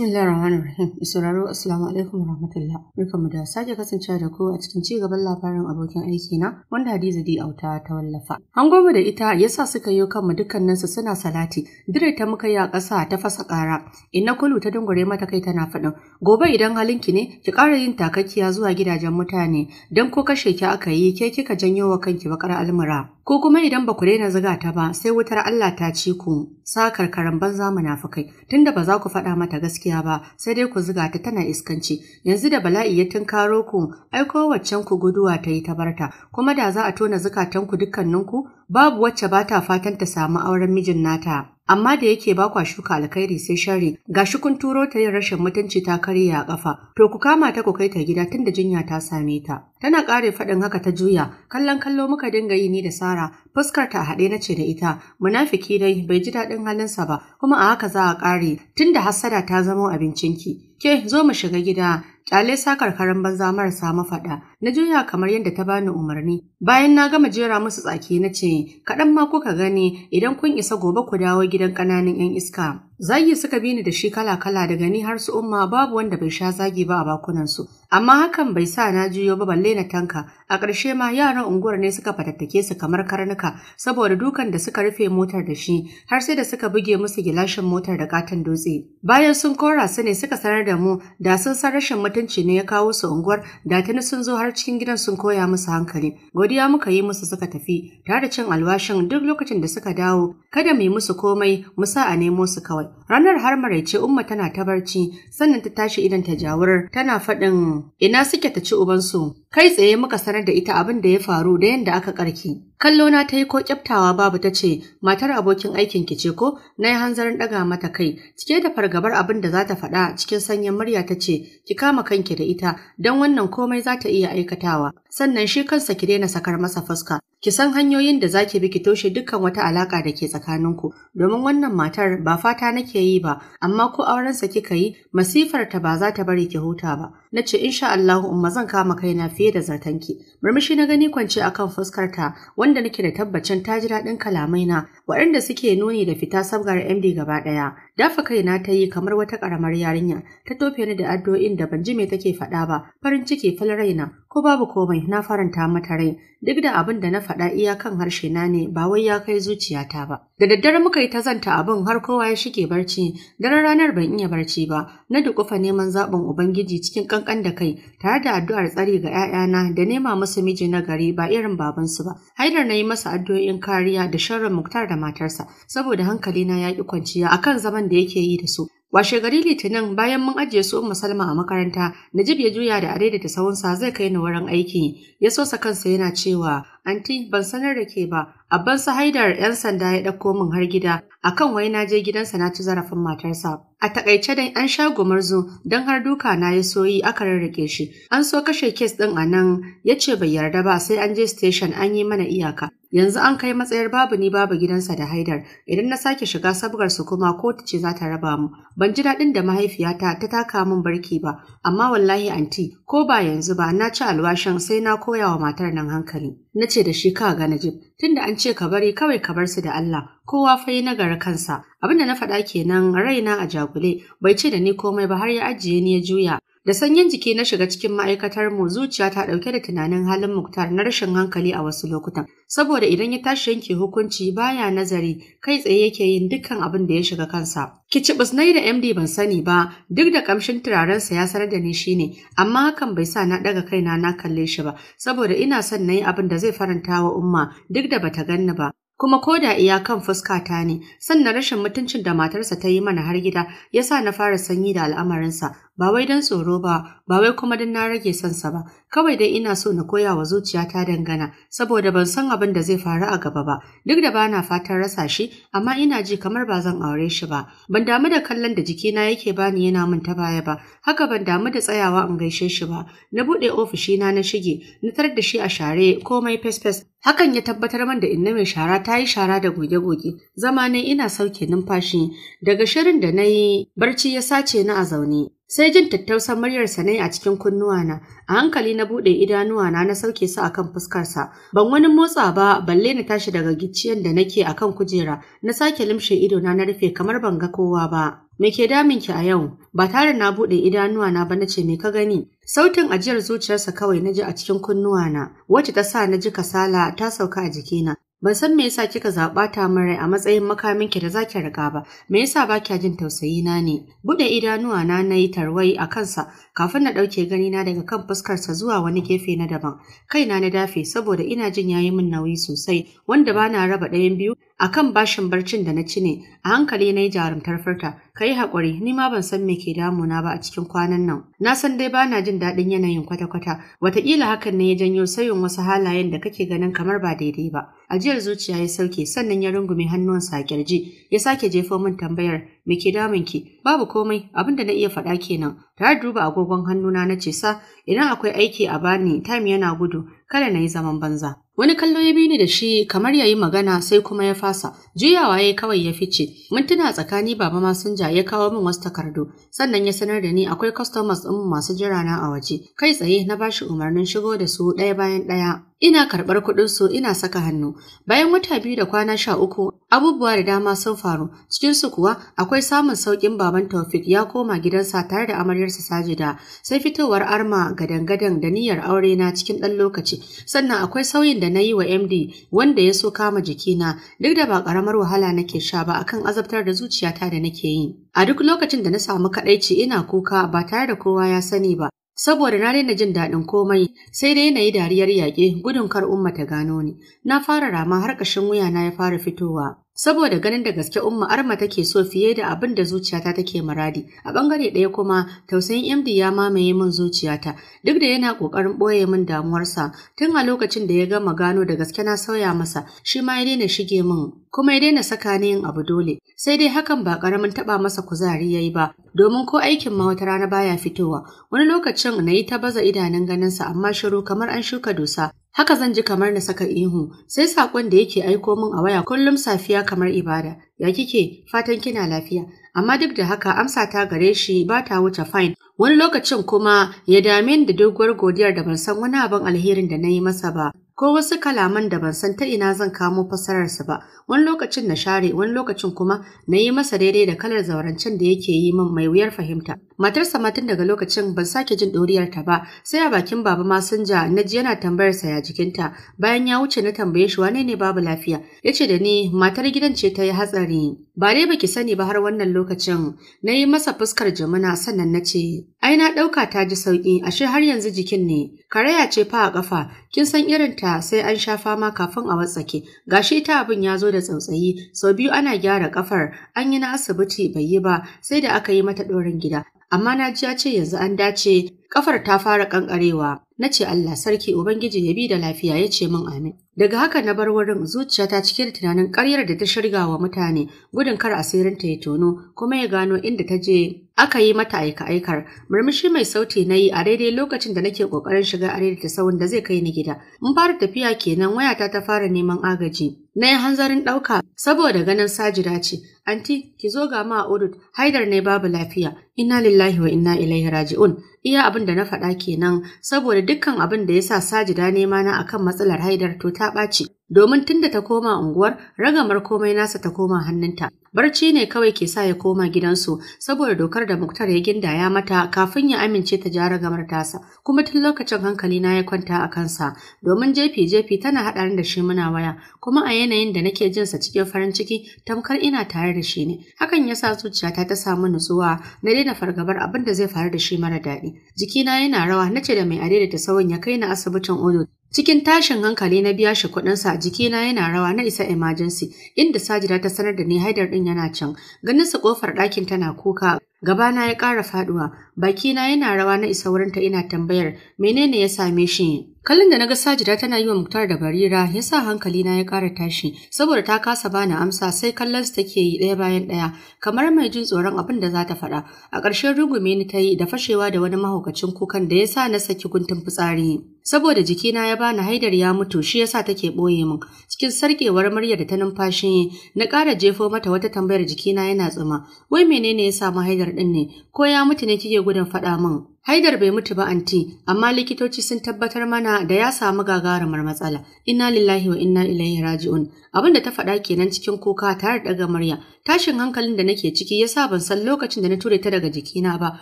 Bismillah Rahman Rahim. Sauraro Assalamu alaikum warahmatullah. Barkamu da sake kasancewa da ku a cikin ci gaban labarin abokin aiki na wanda Hadiza Di Auta ta wallafa. An goma da ita yasa suka yi kanmu dukkanin su suna salati. Dire ta muka yi a ƙasa ta fasa ƙara. Inna kulu ta dungure mata kai tana faɗin. Gobe idan halin ki ne ki ƙara yin takakkiya zuwa gidajen mutane don ko kashe ki aka yi ke kika janyo wa kanki bakar almura. Ko kuma idan ba ku daina zuga ta ba sai wutar Allah ta ci ku sakar karamban munafukai tunda ba za ku faɗa mata gaskiya ba sai dai ku zuga ta tana iskanci yanzu da bala'i ya tunkaro ku ai kowaccen ku guduwa ta yi tabarta kuma da za a tona zukatanku dukkaninku babu wacce ba ta fatan ta samu auren mijin nata. amma da yake ba kwa shuka alkhairi sai shari shi kun turo ta yin rashin mutunci ta karya a ƙafa. to ku kama ta ku kai ta gida tunda jinya ta same ta tana kare faɗin haka ta juya kallon kallo muka dinga yi ni da Sara fuskar ta haɗe na ce da ita munafiki dai bai ji daɗin halinsa ba kuma a haka za a kare tunda hassada ta zama abincinki ke zo mu shiga gida kyale sakar karen banza marasa mafaɗa na juya kamar yadda ta bani umarni bayan na gama jera musu tsaki na ce kaɗan ma kuka gani idan kun isa gobe ku dawo gidan ƙananan 'yan iska zagi suka bi ni da shi kala kala daga ni har su umma babu wanda bai sha zagi ba a bakunan su amma hakan bai sa na juyo ba balle na tanka a ƙarshe ma yaran unguwar ne suka fatattake su kamar karnuka saboda dukan da suka rufe motar da shi har sai da suka buge musu gilashin motar da katon dutse bayan sun kora su ne suka sanar da mu da sun san rashin mutunci ne ya kawo su unguwar da tuni sun zo har cikin gidan sun koya musu hankali godiya muka yi musu suka tafi tare da cin alwashin duk lokacin da suka dawo kada mu yi musu komai mu sa a nemo su kawai ranar har maraice umma tana ta barci sannan ta tashi idan ta jawurar tana faɗin ina suke ta ci ubansu kai tsaye muka sanar da ita abin da ya faru da yadda aka karki Kallo na ta yi ko kyaftawa babu ta ce, Matar abokin aikin ki ce ko, na yi hanzarin ɗaga mata kai, cike da fargabar abin da za ta faɗa cikin sanyin murya ta ce, Ki kama kanki da ita, don wannan komai za ta iya aikatawa. Sannan shi kansa ki daina sakar masa fuska, ki san hanyoyin da za ki bi ki toshe dukkan wata alaƙa da ke tsakaninku, domin wannan matar ba fata nake yi ba, amma ko aurensa kika yi, masifar ta ba za ta bari ki huta ba. na ce insha Allahu umma zan kama kaina fiye da zatanki murmushi na gani kwance akan fuskarta wanda nake da tabbacin ta ji daɗin na, waɗanda suke nuni da fita sabgar MD gaba ɗaya Dafa kaina ta yi kamar wata ƙaramar yarinya, ta tofe ni da addu'o'in da ban ji me take faɗa ba, farin ciki fal raina, ko babu komai na faranta mata rai, duk da abin da na faɗa iya kan harshe na ne ba wai ya kai zuciyata ba. Da daddare muka yi ta zanta abin har kowa ya shige barci, dare ranar ban iya barci ba, na dukufa neman zaɓin Ubangiji cikin ƙanƙan da kai, tare da addu'ar tsari ga 'ya'yana da nema musu miji na gari ba irin babansu ba. Haidar na yi masa addu'o'in kariya da sharrin Muktar da matarsa, saboda hankali na ya ƙi kwanciya akan zaman da yake yi da su. Washe gari Litinin bayan mun ajiye su Umma Salma a makaranta, Najib ya juya da are da sawunsa zai kai ni wurin aiki. Ya sosa kansa yana cewa, "Anti, ban sanar da ke ba, abban su haidar 'yan sanda ya ɗauko min har gida, akan wai na je gidansa na ci zarafin matarsa." A takaice dai an sha gumurzu don har duka na ya soyi aka rarrake shi. An so kashe kes ɗin a nan, ya ce bai yarda ba sai an je station an yi mana iyaka. Yanzu an kai matsayar babu ni babu gidansa da Haidar, idan na sake shiga sabgar su kuma ko ce za ta raba mu. Ban ji daɗin da mahaifiyata ta taka min barki ba, amma wallahi anti ko ba yanzu ba na ci alwashin sai na koya wa matar nan hankali. Na ce da shi ka ga Najib, tunda an ce ka bari kawai ka bar su da Allah, kowa fa yi nagara kansa. Abinda na faɗa kenan raina a jagule, bai ce da ni komai ba har ya ajiye ni ya juya, Da sanyin jiki na shiga cikin ma'aikatar mu zuciya ta ɗauke da tunanin halin Muktar na rashin hankali a wasu lokutan. Saboda idan ya tashi yanke hukunci baya nazari kai tsaye yake yin dukkan abin da ya shiga kansa. Kicibis na yi da MD ban sani ba duk da kamshin sa ya sanar da ni shine amma hakan bai sa na ɗaga kaina na kalle shi ba saboda ina son na yi abin da zai faranta wa umma duk da bata ganni ba. kuma ko da iya kan fuska ta ne sannan rashin mutuncin da matarsa ta yi mana har gida ya sa na fara sanyi da al'amarinsa ba wai don tsoro ba ba wai kuma don na rage sansa ba kawai dai ina so na koya wa zuciya ta dangana saboda ban san abin da zai faru a gaba ba duk da bana fatan rasa shi amma ina ji kamar ba zan aure shi ba ban damu da kallon da jikina yake bani yana min ta baya ba haka ban damu da tsayawa in gaishe shi ba na buɗe ofishina na shige na tar da shi a share komai fesfes Hakan ya tabbatar man da inna mai shara ta yi shara da goge-goge, zama ne ina sauke numfashi daga shirin da na yi barci ya sace na a zaune. sai jin tattausan muryarsa ne a cikin kunnuwana a hankali na buɗe idanuwana na sauke su akan fuskarsa ban wani motsa ba balle na tashi daga gicciyen da nake akan kujera na sake limshe ido na na rufe kamar ban ga kowa ba me ke daminki a yau ba tare na buɗe idanuwana ba nace me ka gani sautin ajiyar zuciyarsa kawai na ji a cikin kunnuwana wacce ta sa na ji kasala ta sauka a jikina Ban san me yasa kika zaɓa ta min rai a matsayin ki da zaki riga ba. Me yasa ba kya jin tausayi na ne? Bude idanuwa na nayi tarwai a kansa kafin na ɗauke gani na daga kan fuskarsa zuwa wani gefe na daban. Kai na dafe saboda ina jin yayi min nauyi sosai wanda bana raba ɗayan biyu akan bashin barcin da na ci ne. A hankali nayi jarumtar furta. Ka yi haƙuri, ni ma ban san me ke na ba a cikin kwanan nan. Na san dai bana jin daɗin yanayin kwata-kwata, wataƙila hakan ne ya janyo sauyin wasu halayen da kake ganin kamar ba daidai ba. Ajiyar zuciya ya sauke sannan ya rungume hannuwansa a kirji, ya sake jefo min tambayar me ke ki? Babu komai, abin da na iya faɗa kenan. Tare duba agogon hannuna na ce sa, idan akwai aiki a bani, time yana gudu, kada na yi zaman banza. Wani kallo ya bi ni da shi kamar ya yi magana sai kuma ya fasa, juyawa ya kawai ya fice, mintuna tsakani baba masinja ya kawo min wasu takardu, sannan ya sanar da ni akwai customers ɗin masu jira na a waje, kai tsaye na bashi umarnin shigo da su ɗaya bayan ɗaya. ina karɓar kuɗin su ina saka hannu bayan wata biyu da kwana sha uku abubuwa da dama sun faru cikin su kuwa akwai samun sauƙin baban Taufik ya koma gidansa tare da amaryarsa Sajida sai fitowar arma gadan-gadan da niyyar aure na cikin ɗan lokaci sannan akwai sauyin da na yi wa MD wanda ya so kama jikina duk da ba ƙaramar wahala nake sha ba akan azabtar da zuciyata da nake yi a duk lokacin da na samu kaɗaici ina kuka ba tare da kowa ya sani ba saboda na daina jin daɗin komai sai dai na yi dariyar yaƙe gudun kar umma ta gano ni na fara rama har ƙashin wuya na ya fara fitowa saboda ganin da gaske umma arma take so fiye da abin da zuciyata take muradi a bangare ɗaya kuma tausayin md ya mamaye min zuciyata duk da yana ƙoƙarin ɓoye min damuwarsa tun a lokacin da ya gama gano da gaske na sauya masa shi ma ya daina shige min kuma ya daina saka ni yin abu dole sai dai hakan ba ƙaramin taɓa masa kuzari ya yi ba domin ko aikin ma wata rana baya fitowa wani lokacin na yi ta baza idanun ganinsa amma shiru kamar an shuka dusa Haka zan ji kamar na saka ihu, sai sakon da yake aiko min a waya kullum safiya kamar ibada, ya kike fatan kina lafiya, amma duk da haka amsa ta gare shi ba ta wuce fine. Wani lokacin kuma ya dame da doguwar godiyar da ban san wani abin alherin da na yi masa ba, ko wasu kalaman da ban san ta ina zan kamo fasararsa ba, wani lokacin na share, wani lokacin kuma na yi masa daidai da kalar zaurancen da yake yi min mai wuyar fahimta. Matarsa ma tun daga lokacin ban sake jin ɗoriyarta ba, sai a bakin baba masinja na ji yana tambayar sa ya jikinta. Bayan ya wuce na tambaye shi wane ne babu lafiya, ya ce da ni matar gidan ce ta yi hatsari. Ba dai baki sani ba har wannan lokacin, na yi masa fuskar jimina sannan na ce, ai na ɗauka ta ji sauƙi, ashe har yanzu jikin ne. Karaya ce fa a kafa. kin san irin ta sai an sha fama kafin a watsake. Gashi ta abin ya zo da tsautsayi, sau biyu ana gyara kafar. an yi na asibiti bai yi ba, sai da aka yi mata ɗorin gida. amma na ji ya ce yanzu an dace kafar ta fara kankarewa na ce Allah sarki ubangiji ya bi da lafiya ya ce min amin daga haka na bar wurin zuciyata cike da tunanin karyar da ta shirga wa mutane gudun kar asirin ta ya tono kuma ya gano inda ta je aka yi mata aika aikar murmushi mai sauti na yi a daidai lokacin da nake kokarin shiga arewa ta sawun da zai kai ni gida mun fara tafiya kenan wayata ta fara neman agaji na yi hanzarin ɗauka saboda ganin sajida ce anti ki zo ga ma udud haidar ne babu lafiya Ina lillahi wa inna ilaihi raji'un iya abin da na faɗa kenan saboda dukkan abin da ya sa sajida nema na akan matsalar haidar to ta ɓaci domin tunda ta koma unguwar ragamar komai nasa ta koma hannunta barci ne kawai ke sa ya koma gidansu saboda dokar da muktar ya gindaya mata kafin ya amince ta ja ragamar tasa kuma tun lokacin hankali na ya kwanta a kansa domin jefi jefi tana haɗarin da shi muna waya kuma a yanayin da nake jin sa cikin farin ciki tamkar ina tare da shi ne hakan yasa zuciyata ta samu nutsuwa na daina fargabar abin da zai faru da shi mara daɗi jikina yana rawa nace da mai adaidaita sauyin ya kai na asibitin odo Cikin tashin hankali na biya shi kuɗin sa jikina yana rawa na isa emergency inda sajida ta sanar da ni haidar ɗin yana can. Ganin su ƙofar ɗakin tana kuka gabana ya ƙara faɗuwa bakina yana rawa na isa wurinta ina tambayar menene ya same shi Kallon da na ga Sajida tana yi wa Muktar da Barira ya sa hankali na ya ƙara tashi saboda ta kasa bani amsa sai kallon su take yi ɗaya bayan ɗaya kamar mai jin tsoron abin da za ta faɗa. A ƙarshen rungume ni ta yi da fashewa da wani mahaukacin kukan da ya sa na saki guntun fitsari. saboda jikina ya bani haidar ya mutu shi yasa take ɓoye min cikin sarkewar murya da ta numfashi na ƙara jefo mata wata tambayar jikina yana tsuma wai menene ya samu haidar ɗin ne ko ya mutu ne kike gudun faɗa min haidar bai mutu ba anti amma likitoci sun tabbatar mana da ya samu gagarumar matsala inna lillahi wa inna ilaihi raji'un abin da ta faɗa kenan cikin kuka tare da ɗaga murya tashin hankalin da nake ciki ya sa ban san lokacin da na ture ta daga jikina ba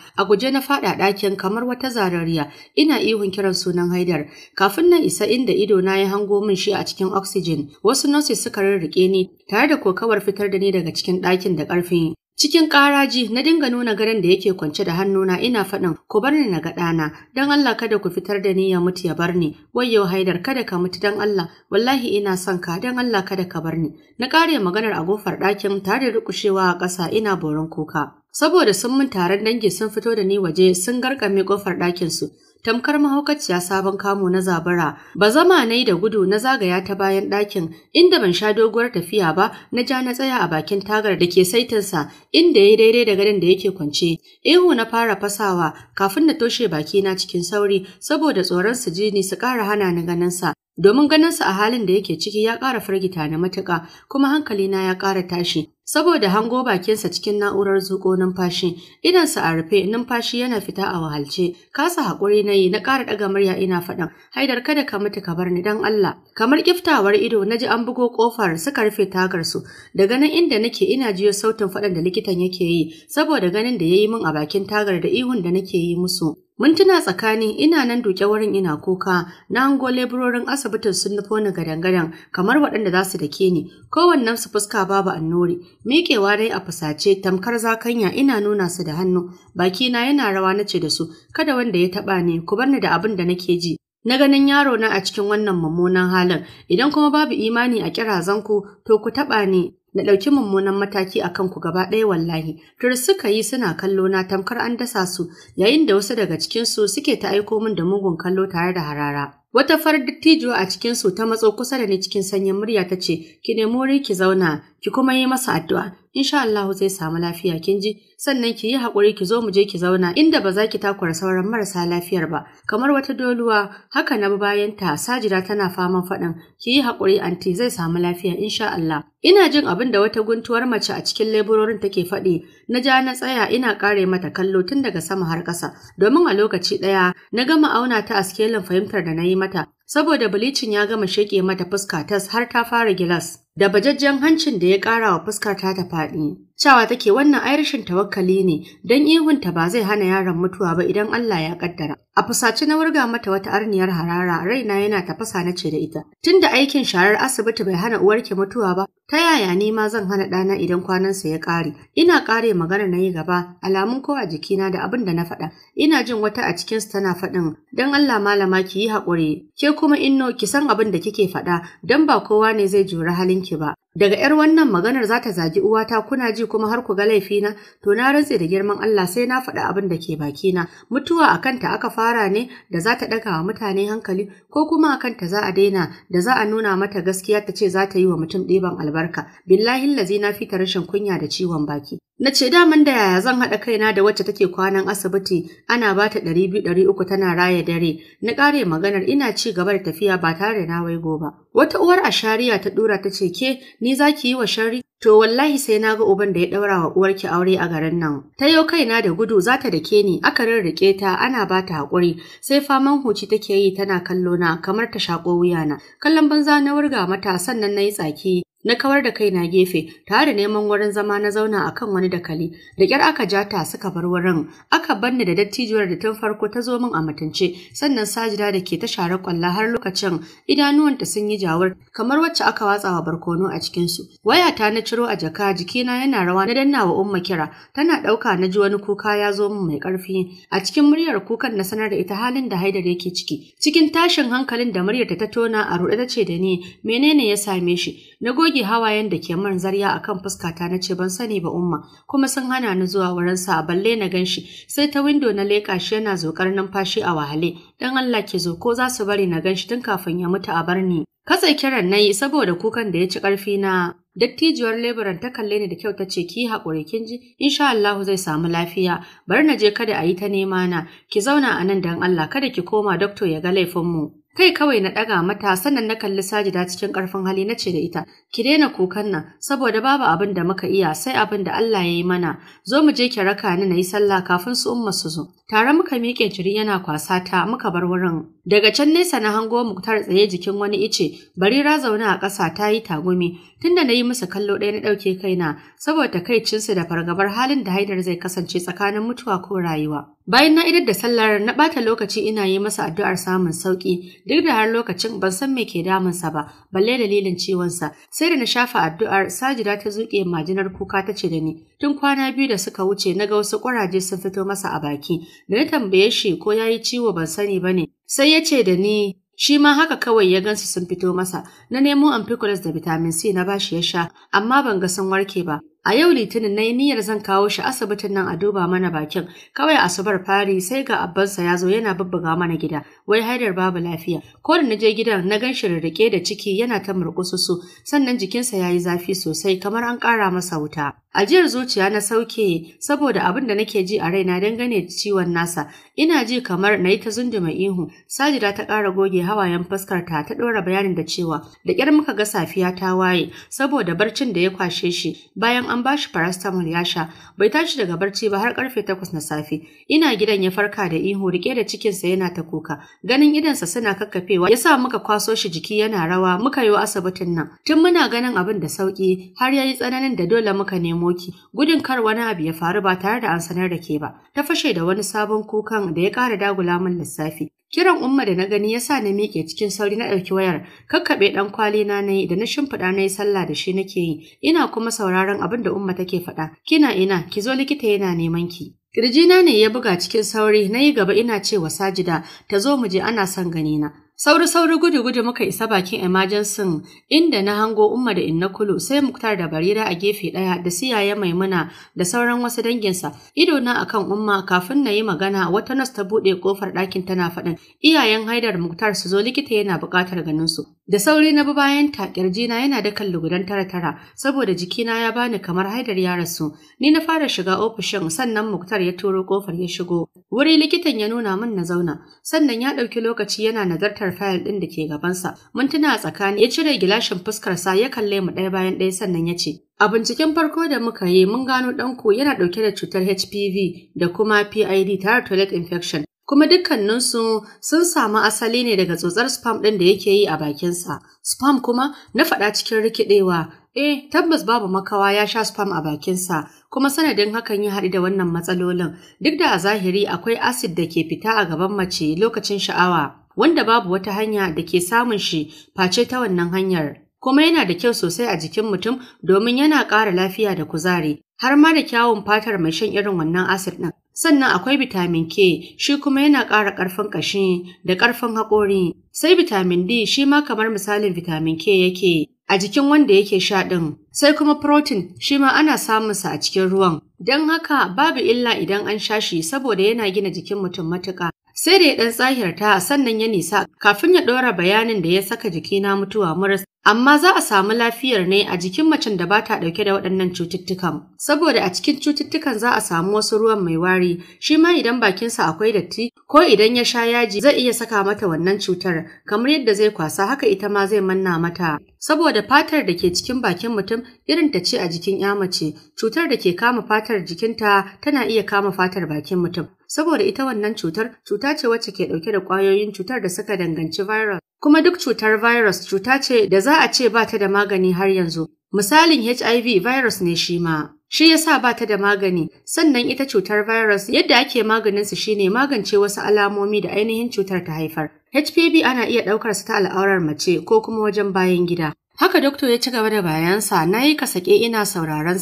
a guje na faɗa ɗakin kamar wata zarariya ina ihun kiran sunan haidar ledar kafin nan isa inda ido na ya hango min shi a cikin oxygen wasu nurses suka rirrike ni tare da kokawar fitar da ni daga cikin ɗakin da ƙarfin Cikin ƙaraji na dinga nuna garin da yake kwance da hannuna ina faɗin ku bar ni na gaɗa na" don Allah kada ku fitar da ni ya mutu ya bar ni wayyo haidar kada ka mutu don Allah wallahi ina son ka don Allah kada ka bar ni na ƙare maganar a gofar ɗakin tare da rikushewa a ƙasa ina borin kuka saboda sun mun taron dangi sun fito da ni waje sun garkame ƙofar ɗakin su tamkar mahaukaciya sabon kamo na zabara ba zama nai da gudu na zagaya ta bayan ɗakin inda ban sha doguwar tafiya ba na ja na tsaya a bakin tagar da ke saitinsa inda ya daidai da gadon da yake kwance ihu na fara fasawa kafin na toshe baki na cikin sauri saboda tsoron su ji ni su ƙara hana ni ganinsa domin ganinsa a halin da yake ciki ya ƙara firgita na matuƙa kuma hankali na ya ƙara tashi saboda hango bakinsa cikin na'urar zuƙo numfashi idansa a rufe numfashi yana fita a wahalce kasa haƙuri na yi na ƙara ɗaga murya ina faɗan haidar kada ka mutu ka bar ni dan Allah kamar kiftawar ido na ji an bugo ƙofar suka rufe tagarsu. su daga nan inda nake ina jiyo sautin faɗan da likitan yake yi saboda ganin da ya yi min a bakin tagar da ihun da nake yi musu Mintuna tsakani ina nan duke wurin ina kuka na hango leburorin asibitin sun nufo ni gadangadan kamar waɗanda za su dake ni kowannen su fuska babu annori miƙewa dai a fusace tamkar zakanya ina nuna su da hannu baki na yana rawa na ce da su kada wanda ya taɓa ni ku bar ni da abin da nake ji Na ganin yaro na a cikin wannan mummunan halin, idan kuma babu imani a kirazanku, to ku taɓa ni na ɗauki mummunan mataki a kanku gaba ɗaya wallahi tur suka yi suna kallo na tamkar an dasa su yayin da wasu daga cikinsu suke ta aiko min da mugun kallo tare da harara wata farar dattijuwa a cikinsu ta matso kusa da ni cikin sanyin murya ta ce ki nemo wuri ki zauna ki kuma yi masa addu'a insha Allah zai samu lafiya kin ji sannan ki yi haƙuri ki zo mu je ki zauna inda ba za ki takura sauran marasa lafiyar ba kamar wata doluwa haka na bayan ta sajida tana faman faɗin ki yi haƙuri anti zai samu lafiya insha Allah ina jin abin da wata guntuwar mace a cikin leburorin take faɗi na ja na tsaya ina kare mata kallo tun daga sama har ƙasa domin a lokaci ɗaya na gama auna ta a skelin fahimtar da na yi mata saboda bilicin ya gama sheke mata fuska tas har ta fara gilas da bajajjen hancin da ya ƙara wa fuska ta ta faɗi. Cewa take wannan ai rashin tawakkali ne don ihunta ba zai hana yaron mutuwa ba idan Allah ya kaddara. A fusaci na wurga mata wata arniyar harara raina yana tafasa na ce da ita. Tunda aikin sharar asibiti bai hana uwarki mutuwa ba, Ta yaya ne ma zan hana ɗana idan kwanansa ya ƙare? Ina ƙare magana na yi gaba, alamun ko a jikina da abin da na faɗa. Ina jin wata a cikinsu tana faɗin, don Allah malama ki yi haƙuri, ke kuma inno ki san abin da kike faɗa, don ba kowa ne zai juri halinki ba. daga ‘yar wannan maganar za ta zagi uwata kuna ji kuma har ku ga laifina, to na rantse da girman Allah sai na faɗi abin da ke bakina, mutuwa a kanta aka fara ne da za ta ɗaga wa mutane hankali ko kuma a kanta za a daina da za a nuna mata gaskiya ta ce za ta yi wa mutum ɗeban albarka, billahi lazi na fita rashin kunya da ciwon baki. Na ce daman da yaya zan haɗa kaina da wacce take kwanan asibiti ana ba ta ɗari biyu ɗari uku tana raya dare. Na ƙare maganar ina ci gaba da tafiya ba tare da na waigo ba. Wata uwar a shari'a ta ɗura ta ce ke ni za ki yi wa shari To wallahi sai na ga uban da ya ɗaura wa uwarki aure a garin nan. Ta yau kaina da gudu za ta dake ni, aka rirriƙe ta ana ba ta haƙuri, sai faman huci take yi tana kallona, kamar ta shaƙo wuyana. Kallon banza na wurga mata sannan na yi tsaki, Na kawar da kai na gefe, tare da neman wurin zama na zauna a kan wani dakali, da kyar aka ja ta suka bar wurin, aka banni da dattijuwar da tun farko ta zo min a mutunce, sannan sajida da ke ta share kwalla har lokacin idanuwanta sun yi jawar kamar wacce aka watsa wa barkono a cikinsu. Wayata na ciro a jaka jikina yana rawa na danna wa umma kira, tana ɗauka na ji wani kuka ya zo min mai ƙarfi. A cikin muryar kukan na sanar da ita halin da Haidar yake ciki. Cikin tashin hankalin da muryarta ta tona a ruɗe ta ce da ni menene ya same shi. Na goge hawayen da ke man zarya akan fuskata na ce ban sani ba umma kuma sun hana ni zuwa wurinsa a balle na ganshi sai ta windo na leƙa shi yana zokar numfashi a wahale dan Allah ke zo ko za su bari na ganshi tun kafin ya mutu a bar barni katse kiran nayi saboda kukan da ya ci ƙarfi na Dattijuwar leburan ta kalle ni da kyau ta ce ki haƙuri kin ji insha Allahu zai samu lafiya bari na je kada a yi ta nema na ki zauna anan nan dan Allah kada ki koma doctor ya ga laifin mu Kai kawai na ɗaga mata sannan na kalli sajida cikin ƙarfin hali na ce da ita, ki daina kukan nan saboda babu abin da muka iya sai abin da Allah ya yi mana, zo mu je ki raka ni na yi sallah kafin su umma su zo. Tare muka miƙe jiri yana kwasa ta muka bar wurin. Daga can nesa na hango mu tare tsaye jikin wani ice, barira zaune a ƙasa ta yi tagumi, tunda na yi musu kallo ɗaya na ɗauke kaina saboda kaicinsu da fargabar halin da haidar zai kasance tsakanin mutuwa ko rayuwa. Bayan na idar da sallar na ɓata lokaci ina yi masa addu'ar samun sauƙi duk da har lokacin ban san me ke damunsa ba balle dalilin ciwon sa. sai da na shafa addu'ar sajida ta zuƙe majinar kuka ta ce da ni tun kwana biyu da suka wuce na ga wasu ƙuraje sun fito masa a baki da na tambaye shi ko ya yi ciwo ban sani ba ne sai ya ce da ni shi ma haka kawai ya gansu sun fito masa na nemo ampicillus da bitamin C na bashi ya sha amma ban ga sun warke ba A yau Litinin na yi niyyar zan kawo shi asibitin nan a duba mana bakin. Kawai Asabar fari sai ga abbansa ya zo yana bubbuga mana gida. Wai haidar babu lafiya. Ko da na je gidan na gan shi da ciki yana ta su, sannan jikinsa ya yi zafi sosai kamar an ƙara masa wuta. Ajiyar zuciya na sauke saboda abin da nake ji a raina dangane da ciwon nasa. Ina ji kamar na yi ta zunduma ihu. Sajida ta ƙara goge hawayen fuskarta ta ɗora bayanin da cewa da kyar muka ga safiya ta waye saboda barcin da ya kwashe shi bayan an an ba shi paracetamol ya sha bai tashi daga barci ba har karfe takwas na safe ina gidan ya farka da ihu rike da cikinsa yana ta kuka ganin idansa suna kakkafewa sa muka kwaso shi jiki yana rawa muka yi asibitin nan tun muna ganin abin da sauki har yayi tsananin da dole muka nemo ki gudun kar wani abu ya faru ba tare da an sanar da ke ba ta fashe da wani sabon kukan da ya kara dagula min lissafi Kiran umma da na gani ya sa na miƙe cikin sauri na ɗauki wayar, kakkaɓe ɗan kwali na nayi yi da na shimfiɗa na yi sallah da shi nake yi, ina kuma sauraron abin da umma take faɗa. Kina ina, ki zo likita yana neman ki. Kirjina ne ya buga cikin sauri na yi gaba ina cewa sajida ta zo mu je ana son gani na. Sauri-sauri gudu-gudu muka isa bakin emergency inda na hango Umma da Inna Kulu sai Muktar da Barira a gefe ɗaya da siyaye Maimuna da sauran wasu danginsa. Ido na akan Umma kafin na yi magana wata nas ta buɗe kofar ɗakin tana faɗin. Iyayen Haidar Muktar su zo likita yana bukatar ganin su. Da sauri na bi bayan ta na yana da kallo gudan tara-tara saboda jikina ya bani kamar haidar ya rasu. Ni na fara shiga ofishin sannan Muktar ya turo kofar ya shigo. Wuri likitan ya nuna min na zauna, sannan ya ɗauki lokaci yana nazartar fayil ɗin da ke gabansa. Mintuna a tsakani ya cire gilashin fuskarsa ya kalle mu ɗaya bayan ɗaya sannan ya ce, A binciken farko da muka yi mun gano ɗanku yana ɗauke da cutar HPV da kuma PID tare toilet infection. kuma dukkaninsu sun samu asali ne daga tsotsar spam ɗin da yake yi a bakinsa. Spam kuma na faɗa cikin rikidewa, eh tabbas babu makawa ya sha spam a bakinsa, kuma sanadin hakan ya haɗu da wannan matsalolin. Duk da a zahiri akwai asid da ke fita a gaban mace lokacin sha'awa, wanda babu wata hanya da ke samun shi face ta wannan hanyar. Kuma yana da kyau sosai a jikin mutum domin yana ƙara lafiya da kuzari, har ma da kyawun fatar mai shan irin wannan asid ɗin. sannan akwai bitamin K shi kuma yana ƙara ƙarfin ƙashi da ƙarfin haƙori. Sai bitamin D shi ma kamar misalin bitamin K yake a jikin wanda yake sha ɗin. Sai kuma protein shi ma ana samun sa a cikin ruwan. Don haka babu illa idan an sha shi saboda yana gina jikin mutum matuƙa. sai da ya ɗan tsahirta sannan ya nisa kafin ya ɗora bayanin da ya saka jiki na mutuwa muras amma za a samu lafiyar ne a jikin macen da ba ta ɗauke da waɗannan cututtukan. Saboda a cikin cututtukan za a samu wasu ruwan mai wari, shi ma idan bakinsa akwai datti ko idan ya sha yaji zai iya saka mata wannan cutar, kamar yadda zai kwasa haka ita ma zai manna mata. Saboda fatar da ke cikin bakin mutum irin ta ce a jikin ya mace, cutar da ke kama fatar jikinta tana iya kama fatar bakin mutum. saboda ita wannan cutar cuta ce wacce ke ɗauke da kwayoyin cutar da suka danganci virus. Kuma duk cutar virus cuta ce da za a ce ba ta da magani har yanzu. Misalin HIV virus ne shi ma. Shi yasa ba ta da magani, sannan ita cutar virus yadda ake maganinsu shine magance wasu alamomi da ainihin cutar ta haifar. HPV ana iya ɗaukar su ta al'aurar mace ko kuma wajen bayan gida. Haka doktor ya ci gaba da bayansa, na yi kasake ina sauraron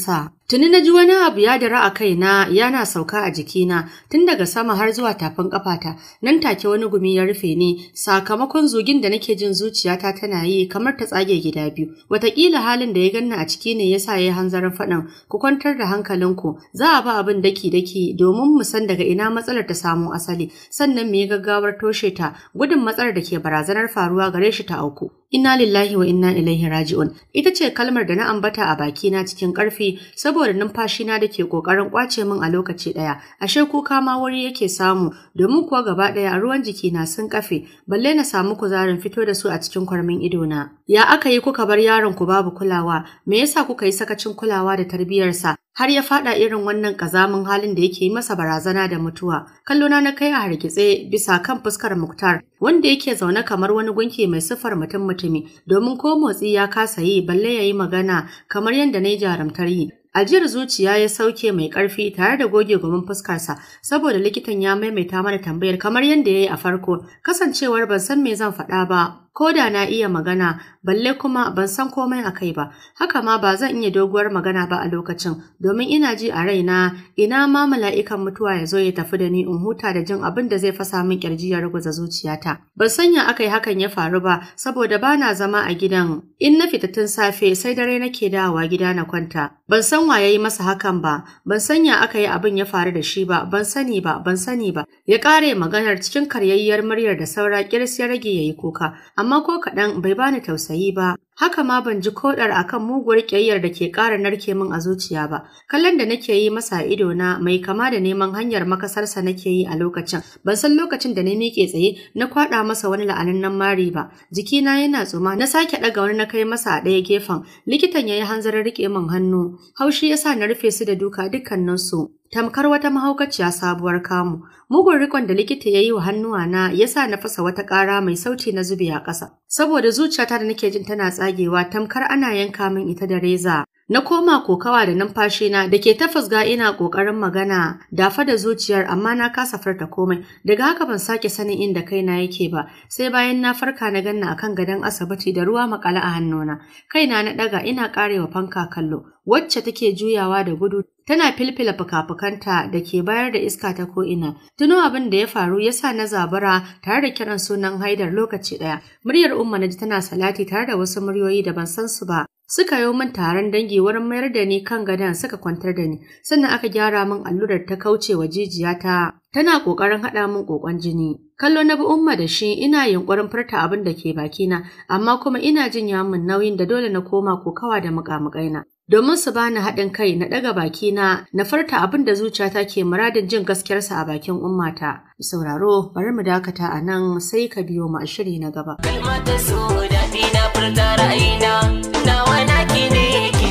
Tuni na ji wani abu ya dara a kaina yana sauka a jikina tun daga sama har zuwa tafin kafata nan take wani gumi ya rufe ni sakamakon zugin da nake jin zuciyata tana yi kamar ta tsage gida biyu wataƙila halin da ya ganna a ciki ne yasa yayi hanzarin faɗan ku kwantar da hankalinku za a ba abin daki daki domin mu san daga ina matsalar ta samo asali sannan mu yi gaggawar toshe ta gudun matsalar da ke barazanar faruwa gare shi ta auku inna lillahi wa inna ilaihi raji'un ita ce kalmar da na ambata a bakina cikin ƙarfi saboda numfashina da ke ƙoƙarin kwace min a lokaci ɗaya, ashe kuka ma wuri yake samu, domin kuwa gaba ɗaya ruwan jiki na sun kafe, balle na samu kuzarin fito da su a cikin kwarmin na Ya aka yi kuka bar yaron ku babu kulawa, me yasa kuka yi sakacin kulawa da tarbiyyarsa, har ya faɗa irin wannan ƙazamin halin da yake yi masa barazana da mutuwa. Kallona na kai a hargitse bisa kan fuskar Muktar, wanda yake zaune kamar wani gunki mai siffar mutum mutumi, domin ko motsi ya kasa yi balle ya yi magana kamar yadda na yi jaramtar yi. Ajiyar zuciya ya sauke mai ƙarfi tare da goge gumin fuskarsa saboda likitan ya maimaita mana tambayar kamar yadda ya yi a farko kasancewar ban san me zan faɗa ba ko da na iya magana balle kuma ban san komai a kai ba haka ma ba zan iya doguwar magana ba a lokacin domin ina ji a raina ina ma mala'ikan mutuwa ya zo ya tafi da ni in huta da jin abin da zai fasa min kirji ya ruguza zuciyata ban sanya akai hakan ya faru ba saboda bana zama a gidan in na fita tun safe sai dare nake dawowa gida na kwanta ban san wa ya yi masa hakan ba ban sanya aka yi abin ya faru da shi ba ban sani ba ban sani ba ya kare maganar cikin karyayyiyar muryar da saura kirsi ya rage yayi kuka amma ko kaɗan bai bani tausayi ba. Haka ma ban ji koɗar a kan muguwar ƙyayyar da ke ƙara narke min a zuciya ba. Kallon da nake yi masa ido na mai kama da neman hanyar makasarsa nake yi a lokacin. Ban san lokacin da na miƙe tsaye na kwaɗa masa wani la'anin nan mari ba. Jikina yana tsuma na sake ɗaga wani na kai masa a ɗaya gefen. Likitan ya yi hanzarin riƙe min hannu. Haushi ya sa na rufe su da duka dukkaninsu. Tamkar wata mahaukaciya sabuwar kamu, mugun rikon da likita ya yi wa hannuwa na ya sa na fasa wata ƙara mai sauti na zube a ƙasa. Saboda zuciyata da nake jin tana tsagewa tamkar ana yanka min ita da reza. Na koma kokawa da numfashina da ke ga ina ƙoƙarin magana dafa da zuciyar amma na kasa farta komai daga haka ban sake sanin inda kaina yake ba sai bayan na farka na ganna akan gadon asibiti da ruwa makale a hannuna kaina na ɗaga ina ƙarewa fanka kallo wacce take juyawa da gudu tana filfila fuka-fukanta da ke bayar da iska ta ko'ina. Tuno abin da ya faru ya sa na zabara tare da kiran sunan haidar lokaci ɗaya. Muryar Umma na ji tana salati tare da wasu muryoyi da ban san su ba. Suka yi min taron dangi wurin mayar da ni kan gadon suka kwantar da ni, sannan aka gyara min allurar ta kauce wa ta. tana ƙoƙarin haɗa min ƙoƙon jini. Kallo na bi umma da shi ina yunƙurin furta abin da ke bakina, amma kuma ina jin ya nauyin da dole na koma kokawa da muƙamuƙaina. domin su bani haɗin kai na ɗaga bakina na farta abin da zuciyata ke muradin jin gaskiyarsa a bakin ummata. Sauraro bari mu dakata a nan sai ka biyo mu a shiri na gaba. Kalmar da na furta ra'ayina, nawa ne